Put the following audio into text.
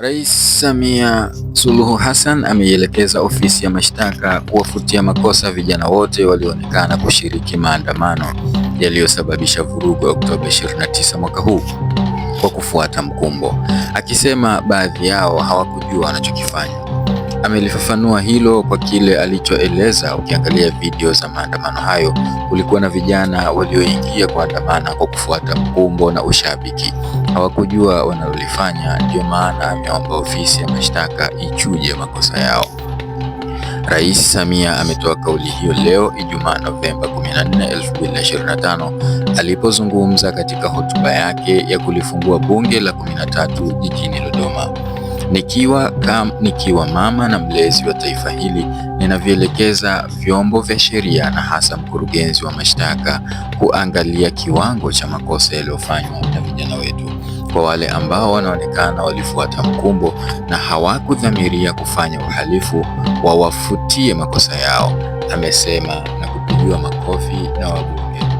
Rais Samia Suluhu Hassan ameielekeza ofisi ya mashtaka kuwafutia makosa vijana wote walioonekana kushiriki maandamano yaliyosababisha vurugu ya Oktoba 29 mwaka huu kwa kufuata mkumbo, akisema baadhi yao hawakujua wanachokifanya. Amelifafanua hilo kwa kile alichoeleza, ukiangalia video za maandamano hayo, kulikuwa na vijana walioingia kuandamana kwa kufuata mkumbo na ushabiki hawakujua wanalolifanya, ndiyo maana ameomba ofisi ya mashtaka ichuje makosa yao. Rais Samia ametoa kauli hiyo leo Ijumaa Novemba 14, 2025 alipozungumza katika hotuba yake ya kulifungua bunge la 13 jijini Nikiwa kam, nikiwa mama na mlezi wa taifa hili, ninavielekeza vyombo vya sheria na hasa mkurugenzi wa mashtaka kuangalia kiwango cha makosa yaliyofanywa na vijana wetu. Kwa wale ambao wanaonekana walifuata mkumbo na hawakudhamiria kufanya uhalifu, wawafutie makosa yao, amesema na kupigiwa makofi na wabunge.